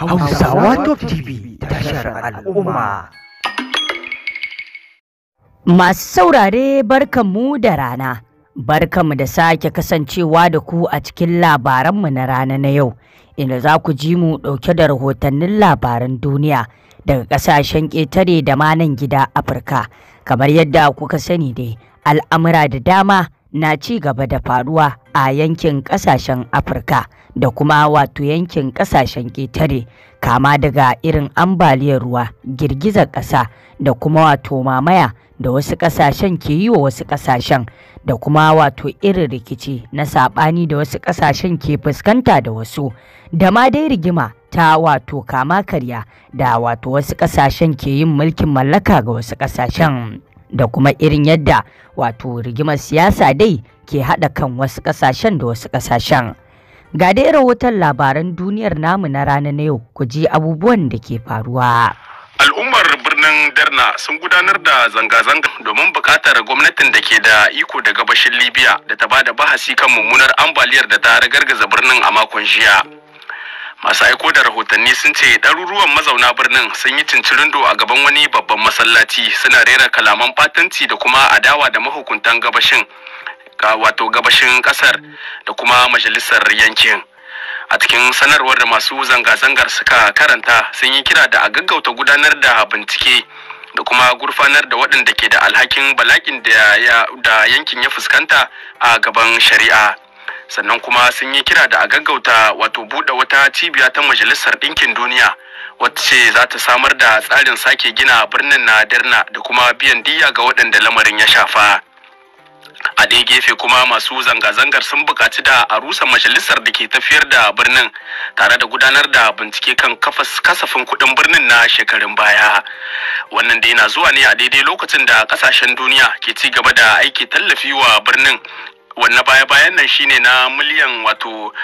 Hausawa Top TV tashar al'umma. Masu saurare barkanmu da rana, barkanmu da sake kasancewa da ku a cikin labaranmu na rana na yau, inda za ku ji mu ɗauke da rahotannin labaran duniya daga ƙasashen ƙetare da Manan gida Afirka, kamar yadda kuka sani dai al'amura da dama na ci gaba da faruwa a yankin ƙasashen Afirka da kuma wato yankin ƙasashen ƙetare kama daga irin ambaliyar ruwa girgizar ƙasa da kuma wato mamaya da wasu ƙasashen ke yi wa wasu ƙasashen da kuma wato irin rikici na saɓani da wasu ƙasashen ke fuskanta da wasu da ma dai rigima ta wato kama karya da wato wasu ƙasashen ke yin mulkin mallaka ga wasu ƙasashen. da kuma irin yadda wato rigimar siyasa dai ke haɗa kan wasu ƙasashen da wasu ƙasashen. Ga dai rahoton labaran duniyar namu na rana na yau ku ji abubuwan da ke faruwa. Al'ummar birnin Darna sun gudanar da zanga-zanga domin bukatar gwamnatin da ke da iko da gabashin Libya da ta bada bahasi kan mummunar ambaliyar da ta ragargaza birnin a makon jiya. masu aiko da rahotanni sun ce ɗaruruwan mazauna birnin sun yi cincirindo a gaban wani babban masallaci suna rera kalaman fatanci da kuma adawa da mahukuntan gabashin wato gabashin ƙasar da kuma majalisar yankin a cikin sanarwar da masu zanga-zangar suka karanta sun yi kira da a gaggauta gudanar da bincike da kuma gurfanar da waɗanda ke da alhakin balakin da yankin ya fuskanta a gaban shari'a. sannan kuma sun yi kira da a gaggauta wato buɗe wata cibiya ta majalisar ɗinkin duniya wacce za ta samar da tsarin sake gina birnin na Derna da kuma biyan diya ga waɗanda lamarin ya shafa. a ɗaya gefe kuma masu zanga-zangar sun buƙaci da a rusa majalisar da ke tafiyar da birnin tare da gudanar da bincike kan kasafin kuɗin birnin na shekarun baya wannan da yana zuwa ne a daidai lokacin da ƙasashen duniya ke ci gaba da aiki tallafi wa birnin wannan baya-bayan nan shine na miliyan wato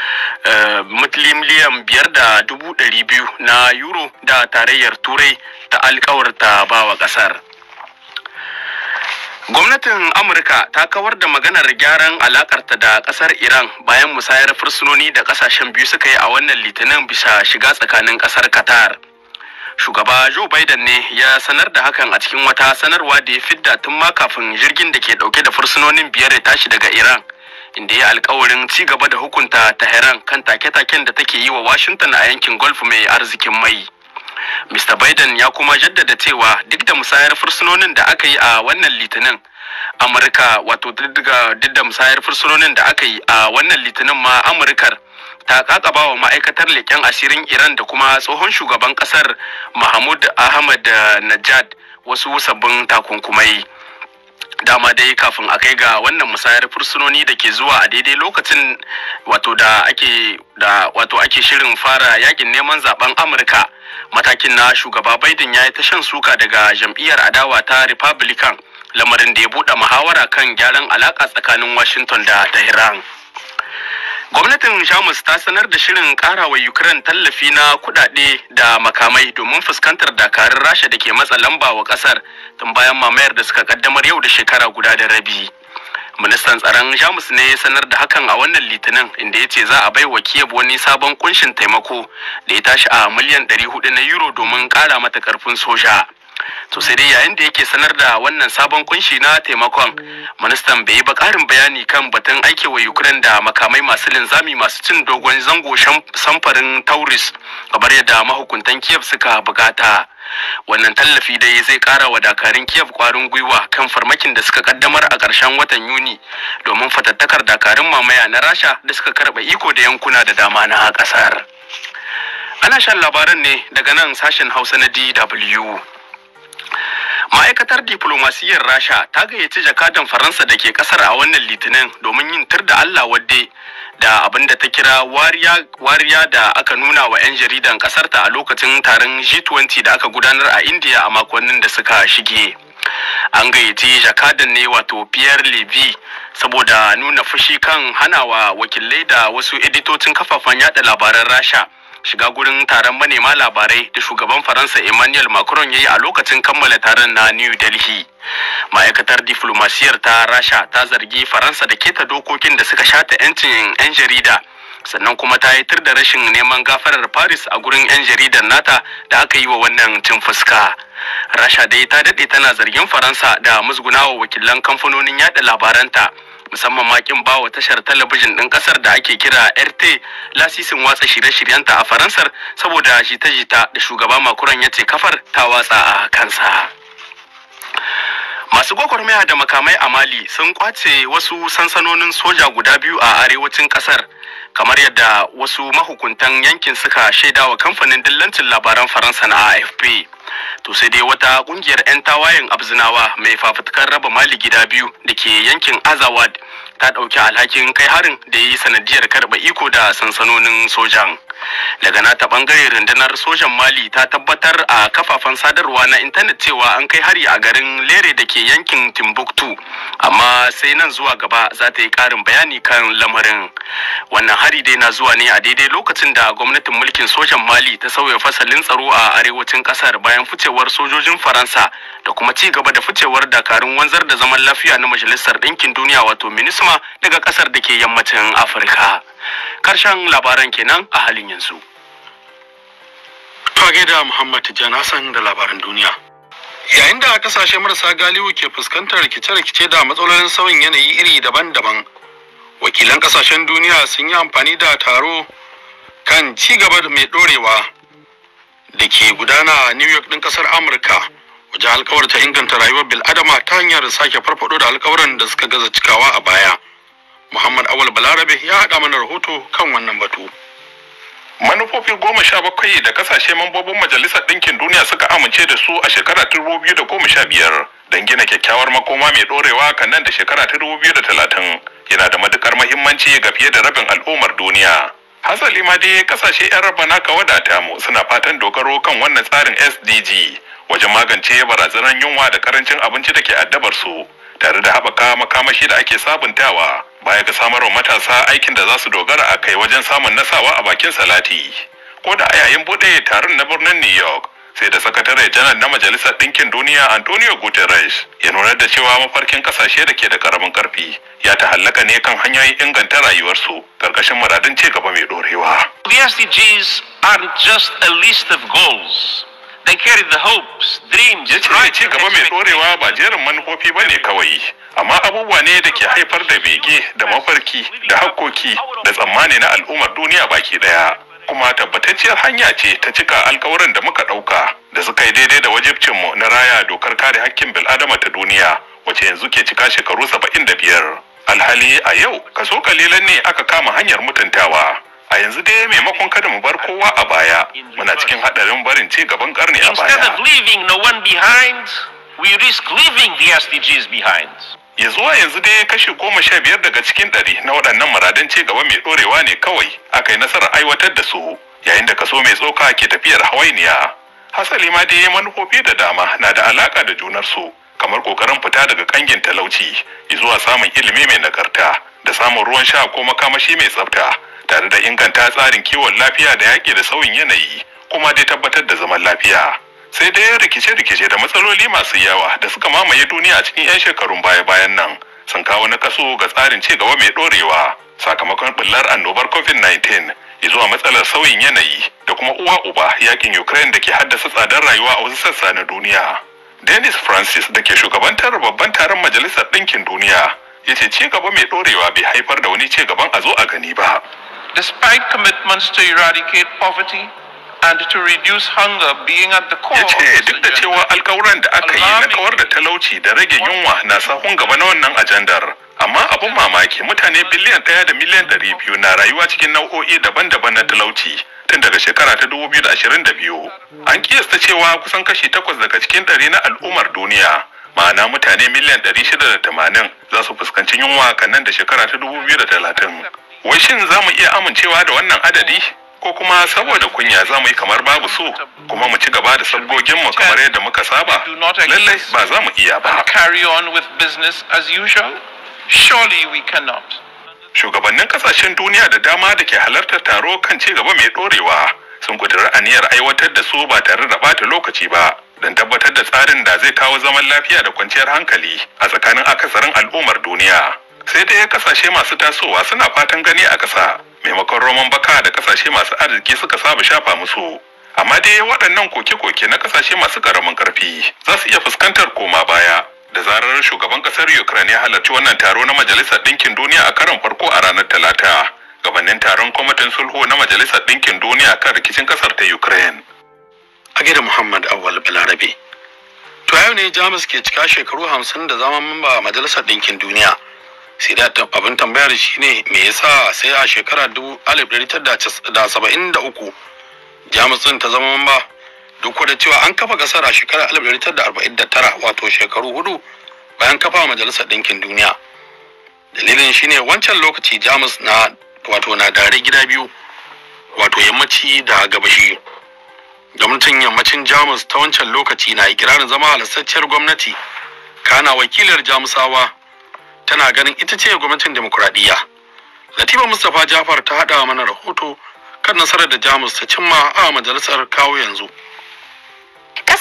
eh, miliyan biyar da dubu ɗari biyu na yuro da tarayyar turai ta alkawarta bawa ƙasar Gwamnatin Amurka ta kawar da maganar gyaran alakarta da ƙasar Iran bayan musayar fursunoni da ƙasashen biyu suka yi a wannan litinin bisa shiga tsakanin ƙasar Qatar. shugaba joe biden ne ya sanar da hakan a cikin wata sanarwa da ya fidda tun ma kafin jirgin da ke dauke da fursunonin biyar ya tashi daga iran inda ya alkawarin ci gaba da hukunta tehran kan take-taken da take yi wa washington a yankin golf mai arzikin mai mr biden ya kuma jaddada cewa duk da musayar fursunonin da aka yi a wannan litinin amurka wato duk da musayar fursunonin da aka yi a wannan litinin ma amurkar ta kakaba wa ma'aikatar leƙen asirin iran da kuma tsohon shugaban ƙasar mahmud ahmad najad wasu sabbin takunkumai dama dai kafin a kai ga wannan musayar fursunoni da ke zuwa a daidai lokacin wato da ake da wato ake shirin fara yakin neman zaben amurka matakin na shugaba biden ya yi ta shan suka daga jam'iyyar adawa ta republican lamarin da ya buɗe muhawara kan gyaran alaƙa tsakanin washington da tehran Gwamnatin Jamus ta sanar da shirin karawa Ukraine tallafi na kudade da makamai domin fuskantar dakarun Rasha da ke matsa lamba wa kasar tun bayan mamayar da suka kaddamar yau da shekara guda da rabi. Ministan tsaron Jamus ne ya sanar da hakan a wannan litinin inda ya ce za a bai wa Kiev wani sabon kunshin taimako da ya tashi a miliyan 400 na euro domin kara mata karfin soja. to sai dai yayin da yake sanar da wannan sabon kunshi na taimakon ministan bai yi ba karin bayani kan batun aike wa ukraine da makamai masu linzami masu cin dogon zango samfarin tauris kamar yadda mahukuntan kiev suka bukata wannan tallafi dai zai kara wa dakarun kiev kwarin gwiwa kan farmakin da suka kaddamar a ƙarshen watan yuni domin fatattakar dakarun mamaya na rasha da suka karɓa iko da yankuna da dama na ƙasar ana shan labaran ne daga nan sashen hausa na dw ma'aikatar diflomasiyyar rasha ta gayyaci jakadan faransa da ke kasar a wannan litinin domin yin tur da allah wadde da abin da ta kira wariya da aka nuna wa 'yan jaridan ƙasarta a lokacin taron g20 da aka gudanar a india a makonnin da suka shige an gayyaci jakadan ne wato pierre levy saboda nuna fushi kan hana wa wakilai da wasu editocin kafafen yada labaran rasha shiga gurin taron manema labarai da shugaban faransa emmanuel macron ya yi a lokacin kammala taron na new delhi ma'aikatar diflomasiyar ta rasha ta zargi faransa da keta dokokin da suka shata 'yancin 'yan jarida sannan kuma ta yi tur da rashin neman gafarar paris a gurin 'yan jaridar nata da aka yi wa wannan cin fuska rasha dai ta daɗe tana zargin faransa da musgunawa wakilan kamfanonin yada labaranta musamman makin bawa tashar talabijin ɗin ƙasar da ake kira rt lasisin watsa shirye-shiryenta a faransar saboda jita-jita da shugaba makuran ya ce kafar ta watsa a kansa masu gwagwarmaya da makamai a mali sun kwace wasu sansanonin soja guda biyu a arewacin ƙasar. kamar yadda wasu mahukuntan yankin suka shaida wa kamfanin dillancin labaran faransa na afp to sai dai wata kungiyar 'yan tawayen abzinawa mai fafutukar raba mali gida biyu da ke yankin azawad ta ɗauki alhakin kai harin da ya yi sanadiyar karɓa iko da sansanonin sojan daga nata bangare rundunar sojan mali ta tabbatar a kafafen sadarwa na intanet cewa an kai hari a garin lere da ke yankin timbuktu amma sai nan zuwa gaba za ta yi karin bayani kan lamarin wannan hari dai na zuwa ne a daidai lokacin da gwamnatin mulkin sojan mali ta sauya fasalin tsaro a arewacin kasar bayan ficewar sojojin faransa da kuma ci gaba da ficewar dakarun wanzar da zaman lafiya na majalisar ɗinkin duniya wato minisma daga kasar da ke yammacin afirka karshen labaran kenan a halin yanzu fage da muhammad tijjan hassan da labaran duniya yayin da kasashe marasa galiwu ke fuskantar rikice-rikice da matsalolin sauyin yanayi iri daban-daban wakilan kasashen duniya sun yi amfani da taro kan ci gaba mai dorewa da ke gudana a new york ɗin ƙasar amurka wajen ta inganta rayuwar bil'adama ta hanyar sake farfaɗo da alkawaran da suka gaza cikawa a baya Muhammad Awal Balarabe ya haɗa mana rahoto kan wannan batu. manufofi goma sha bakwai da kasashe mambobin majalisar ɗinkin duniya suka amince da su a shekara ta dubu biyu da goma sha biyar don gina kyakkyawar makoma mai ɗorewa kan nan da shekara ta dubu biyu da talatin yana da matukar mahimmanci ga fiye da rabin al'ummar duniya hasali ma dai kasashe 'yan rabba naka wadata mu suna fatan dogaro kan wannan tsarin sdg wajen magance barazanar yunwa da karancin abinci da ke addabar su tare da haɓaka makamashi da ake sabuntawa baya ga samar wa matasa aikin da za su dogara a kai wajen samun nasawa a bakin salati ko da a yayin buɗe taron na birnin new york sai da sakatare janar na majalisar ɗinkin duniya antonio guterres ya nuna da cewa mafarkin ƙasashe da ke da karamin ƙarfi ya ta hallaka ne kan hanyoyin inganta rayuwarsu karkashin muradin ci gaba mai dorewa the sdgs aren't just a list of goals they carry the hopes dreams ya ce ci gaba mai dorewa ba jerin manufofi ba ne kawai amma abubuwa ne da ke haifar da bege da mafarki da hakkoki da tsammani na al'ummar duniya baki daya kuma tabbatacciyar hanya ce ta cika alkawarin da muka ɗauka da suka yi daidai da wajibcinmu na raya dokar kare hakkin bil'adama ta duniya wacce yanzu ke cika shekaru saba'in da biyar alhali a yau kaso kalilan ne aka kama hanyar mutuntawa a yanzu dai maimakon kada mu bar kowa a baya muna cikin haɗarin barin ci gaban karni a baya instead of leaving no one behind we risk leaving the SDGs behind ya zuwa yanzu dai kashi goma sha biyar daga cikin ɗari na waɗannan muradan ci gaba mai ɗorewa ne kawai aka yi nasarar aiwatar da su yayin da kaso mai tsoka ke tafiyar hawainiya hasali ma dai manufofi da dama na da alaƙa da junar su, kamar ƙoƙarin fita daga ƙangin talauci zuwa samun ilimi mai nagarta da samun ruwan sha ko makamashi mai tsafta tare da inganta tsarin kiwon lafiya da yaƙi da sauyin yanayi kuma dai tabbatar da zaman lafiya. sai dai rikice-rikice da matsaloli masu yawa da suka mamaye duniya a cikin 'yan shekarun baya-bayan nan sun kawo na kaso ga tsarin ci gaba mai ɗorewa sakamakon bullar annobar covid-19 zuwa matsalar sauyin yanayi da kuma uwa uba yakin ukraine da ke haddasa tsadar rayuwa a wasu sassa na duniya dennis francis da ke shugabantar babban taron majalisar ɗinkin duniya ya ce ci gaba mai ɗorewa bai haifar da wani ci gaban a zo a gani ba despite commitments to eradicate poverty ya ce duk da cewa alkawuran da aka yi na kawar da talauci da rage yunwa na sahun gaba na wannan ajandar amma abin mamaki mutane biliyan ɗaya da miliyan ɗari biyu na rayuwa cikin nau'o'i daban-daban na talauci tun daga shekara ta 2022 an kiyasta cewa kusan kashi takwas daga cikin ɗari na al'ummar duniya ma'ana mutane miliyan 680 za su fuskanci yunwa kan nan da shekara ta 2030 wai shin za mu iya amincewa da wannan adadi ko kuma saboda kunya za mu yi kamar babu su kuma mu ci gaba da sabgogin mu kamar yadda muka saba lallai ba za mu iya ba carry on with business as usual surely we cannot shugabannin kasashen duniya da dama da ke halartar taro kan ci gaba mai dorewa sun kudiri aniyar aiwatar da su ba tare da bata lokaci ba don tabbatar da tsarin da zai kawo zaman lafiya da kwanciyar hankali a tsakanin akasarin al'ummar duniya sai dai kasashe masu tasowa suna fatan gani a ƙasa maimakon roman baka da kasashe masu arziki suka saba shafa musu amma dai waɗannan koke-koke na kasashe masu ƙaramin ƙarfi za su iya fuskantar koma baya da zarar shugaban ƙasar ukraine ya halarci wannan taro na majalisar ɗinkin duniya a karon farko a ranar talata gabanin taron kwamitin sulhu na majalisar ɗinkin duniya kan rikicin ƙasar ta ukraine a gida muhammad awal balarabe to yau ne jamus ke cika shekaru hamsin da zaman mamba a majalisar ɗinkin duniya sai da abin tambayar shi ne me yasa sai a shekara da jamus jamusin ta zama ba duk da cewa an kafa ƙasar a shekarar tara wato shekaru hudu bayan kafa majalisar ɗinkin duniya dalilin shine wancan lokaci jamus na wato na dare gida biyu wato yammaci da gabashi gwamnatin yammacin jamus ta wancan lokaci na ikirarin zama halassacciyar gwamnati kana wakilar jamusawa tana ganin ita ce gwamnatin demokuraɗiyya latifa mustapha jafar ta haɗa mana rahoto kan nasarar da jamus ta cimma a majalisar kawo yanzu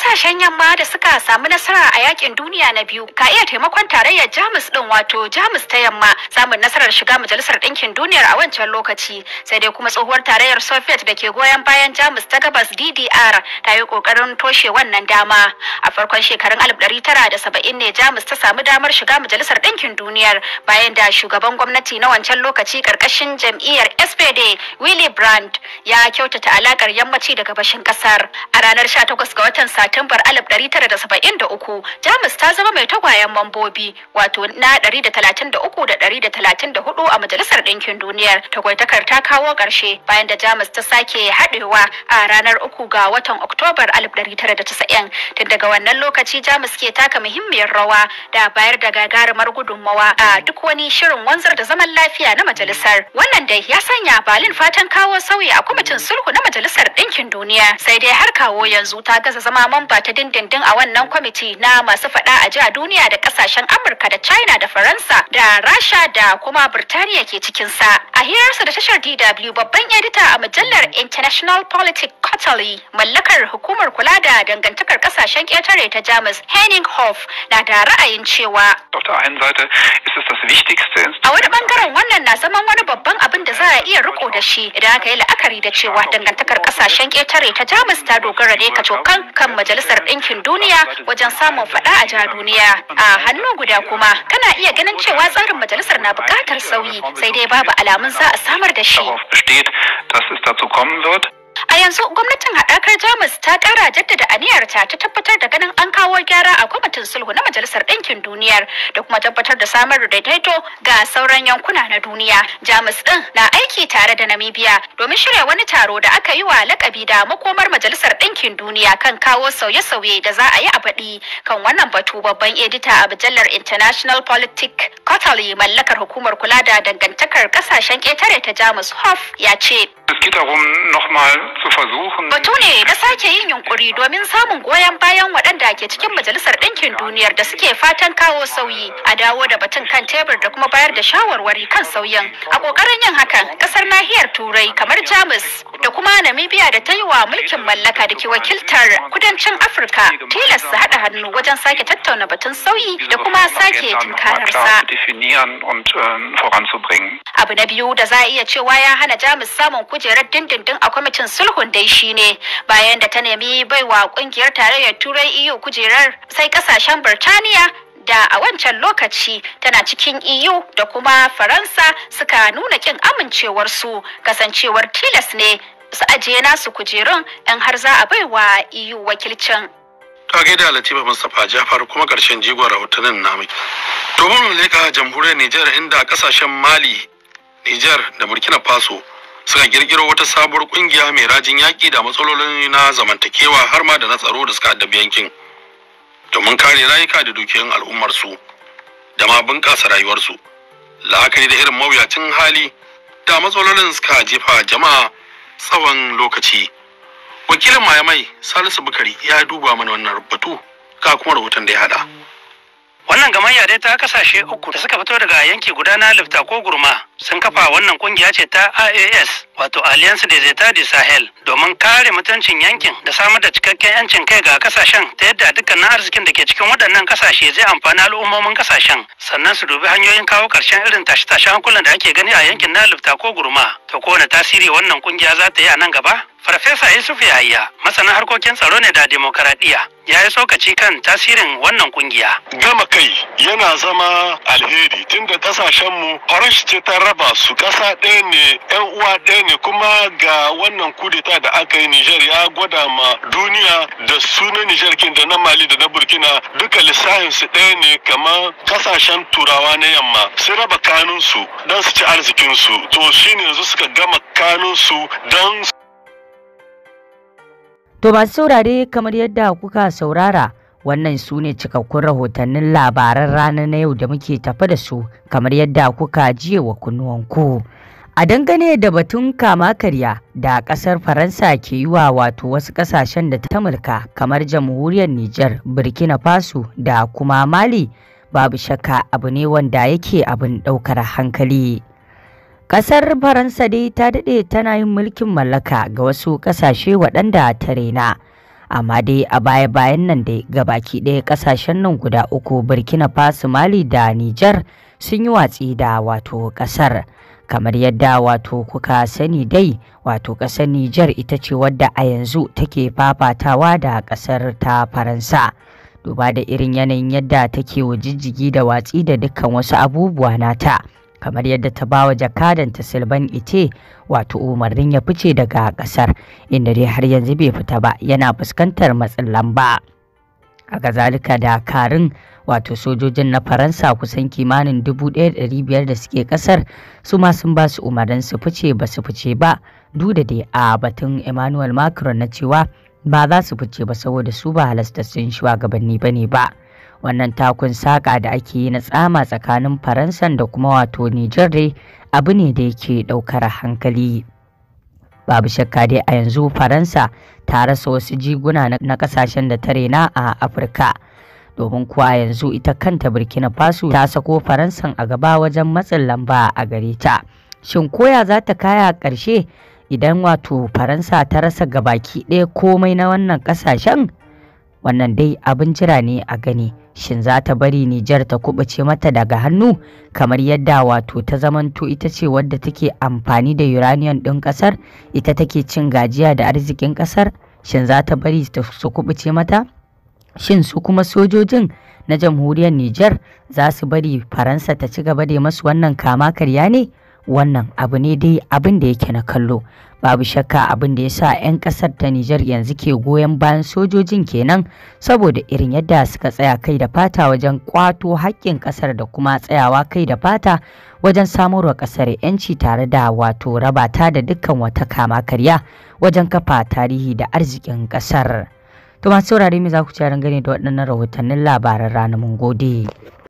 kasashen yamma da suka samu nasara a yakin duniya na biyu ka iya taimakon tarayyar jamus din wato jamus ta yamma samun nasarar shiga majalisar ɗinkin duniyar a wancan lokaci sai dai kuma tsohuwar tarayyar soviet da ke goyon bayan jamus ta gabas ddr ta yi ƙoƙarin toshe wannan dama a farkon shekarun alif ɗari tara da saba'in ne jamus ta samu damar shiga majalisar ɗinkin duniyar bayan da shugaban gwamnati na wancan lokaci ƙarƙashin jam'iyyar spd willy Brand ya kyautata alaƙar yammaci da gabashin ƙasar a ranar takwas ga watan Satumbar 1973 Jamus ta zama mai tagwayen mambobi wato na 133 da 134 a Majalisar Ɗinkin Duniyar. Tagwaitakar ta kawo ƙarshe bayan da Jamus ta sake haɗewa a ranar uku ga watan Oktobar 1990. Tun daga wannan lokaci Jamus ke taka muhimmiyar rawa da bayar da gagarumar gudunmawa a duk wani shirin wanzar da zaman lafiya na majalisar. Wannan dai ya sanya Balin fatan kawo sauyi a kwamitin sulhu na Majalisar Ɗinkin Duniya. Sai dai har kawo yanzu ta gaza zama ba ta dindindin a wannan kwamiti na masu fada a ji duniya da kasashen Amurka da China da Faransa da Rasha da kuma Birtaniya ke cikin sa A hirarsa da tashar DW babban edita a mujallar International politics Quarterly mallakar hukumar kula da dangantakar kasashen ƙetare ta Jamus Henning Hoff na da ra'ayin cewa. A wani bangaren wannan na zaman wani babban abin da za a iya riko da shi idan aka yi la'akari da cewa dangantakar kasashen ƙetare ta Jamus ta dogara ne kacokan kan majalisar majalisar ɗinkin duniya wajen samun faɗa a jihar duniya a hannu guda kuma kana iya ganin cewa tsarin majalisar na buƙatar sauyi sai dai babu alamun za a samar da shi. A yanzu gwamnatin haɗakar Jamus ta ƙara jaddada aniyarta ta tabbatar da ganin an kawo gyara a kwamitin sulhu na Majalisar Ɗinkin Duniyar da kuma tabbatar da samar da daidaito ga sauran yankuna na duniya. Jamus ɗin na aiki tare da Namibia domin shirya wani taro da aka yi wa lakabi da makomar Majalisar Ɗinkin Duniya kan kawo sauye-sauye da za a yi a baɗi kan wannan batu babban edita a mujallar International Politic Quarterly mallakar hukumar kula da dangantakar ƙasashen ƙetare ta Jamus Hof ya ce. Es Batu ne na sake yin yunkuri domin samun goyon bayan waɗanda ke cikin Majalisar Ɗinkin Duniyar da suke fatan kawo sauyi, a dawo da batun kan tebur da kuma bayar da shawarwari kan sauyin. A ƙoƙarin yin hakan, ƙasar nahiyar Turai kamar Jamus da kuma Namibia da ta yi wa mulkin mallaka da ke wakiltar kudancin Afirka tilasta haɗa hannu wajen sake tattauna batun sauyi da kuma sake tunkararsa. Ähm, Abu na biyu da za a iya cewa ya hana Jamus samun kujerar dindindin a kwamitin sulhun dai shine bayan da ta nemi baiwa kungiyar tarayyar turai iyo e kujerar sai kasashen Birtaniya da a wancan lokaci tana cikin EU da kuma Faransa suka nuna kin amincewarsu kasancewar tilas ne su ajiye nasu kujerun in har za a baiwa EU wakilcin. ta gaida latifa mustapha jafar kuma karshen jigon rahotannin namu domin leka jamhuriyar nijar inda kasashen mali nijar da burkina faso suka girgiro wata sabuwar kungiya mai rajin yaki da matsalolin na zamantakewa har ma da na tsaro da suka addabi yankin domin kare rayuka da dukiyoyin al'ummarsu da ma bunƙasa rayuwarsu la'akari da irin mawuyacin hali da matsalolin suka jefa jama'a tsawon lokaci wakilin mayamai salisu bukari ya duba mana wannan rubutu ga kuma rahoton da ya haɗa. Wannan gamayya dai ta kasashe uku da suka fito daga yanki guda na lifta ko gurma sun kafa wannan kungiya ce ta IAS wato Alliance de Zeta de Sahel domin kare mutuncin yankin da samar da cikakken yancin kai ga kasashen ta yadda dukkanin arzikin da ke cikin waɗannan kasashe zai amfani al'ummomin kasashen sannan su dubi hanyoyin kawo karshen irin tashe-tashen hankulan da ake gani a yankin na lifta ko gurma to kowane tasiri wannan kungiya za ta yi a nan gaba Farfesa Yusuf Yahaya masana harkokin tsaro ne da demokaradiyya ya yi tsokaci kan tasirin wannan kungiya. Gama kai yana zama alheri tunda kasashenmu farashi ce ta raba su kasa ɗaya ne yan uwa ɗaya ne kuma ga wannan kudeta da aka yi Nijar ya gwada ma duniya da sunan Nijar kin da na Mali da na Burkina duka lissahin ɗaya ne kamar kasashen turawa na yamma sun raba kanunsu don su ci arzikinsu to shine yanzu suka gama kanunsu don su. To masu saurare kamar yadda kuka saurara wannan su ne cikakkun rahotannin labaran rana na yau da muke tafa da su kamar yadda kuka jiye wa kunnuwanku. A dangane da batun kama karya da kasar Faransa ke yiwa wato wasu kasashen da ta mulka kamar jamhuriyar Nijar, Burkina Faso da kuma Mali babu shakka abu ne wanda yake abin ɗaukar hankali. Ƙasar Faransa dai ta daɗe tana yin mulkin mallaka ga wasu ƙasashe waɗanda ta rena. Amma dai a baya-bayan nan dai ga baki ɗaya ƙasashen nan guda uku Burkina Faso Mali da Nijar sun yi watsi da wato ƙasar. Kamar yadda wato kuka sani dai wato ƙasar Nijar ita ce wadda a yanzu take fafatawa da ƙasar ta Faransa. Duba da irin yanayin yadda take wajijjigi da watsi da dukkan wasu abubuwa nata. kamar yadda ta bawa jakadanta silban ice wato umarnin ya fice daga kasar inda dai har yanzu bai fita ba yana fuskantar matsin lamba a zalika da karin wato sojojin na faransa kusan kimanin 1,500 da suke kasar su ma sun ba su umarnin su fice ba su fice ba duk da dai a batun emmanuel macron na cewa ba za su fice ba saboda su ba halasta sun shugabanni ba ne ba. wannan takun saƙa da ake yi na tsama tsakanin faransan da kuma wato nijar dai abu ne da yake ɗaukar hankali babu shakka dai a yanzu faransa ta rasa wasu jiguna na ƙasashen da ta rena a afirka domin kuwa yanzu ita kanta burkina faso ta sako faransan a gaba wajen matsin lamba a gare ta shin koya za ta kaya ƙarshe idan wato faransa ta rasa gabaki ɗaya komai na wannan ƙasashen wannan dai abin jira ne a gani shin za ta bari Nijar ta kubuce mata daga hannu kamar yadda wato ta zamanto ita ce wadda take amfani da uranium ɗin ƙasar ita take cin gajiya da arzikin ƙasar shin za ta bari su kubuce mata shin su kuma sojojin na jamhuriyar Nijar za su bari Faransa ta ci gaba da masu wannan kama karya ne wannan abu ne dai abin da yake na kallo babu shakka abin da ya sa 'yan kasar ta Nijar yanzu ke goyon bayan sojojin kenan saboda irin yadda suka tsaya kai da fata wajen kwato haƙƙin kasar da kuma tsayawa kai da fata wajen samarwa kasar 'yanci tare da wato rabata da dukkan wata kama karya wajen kafa tarihi da arzikin kasar. To masu saurare me za ku ci gani da waɗannan rahotannin labaran ranar mun gode.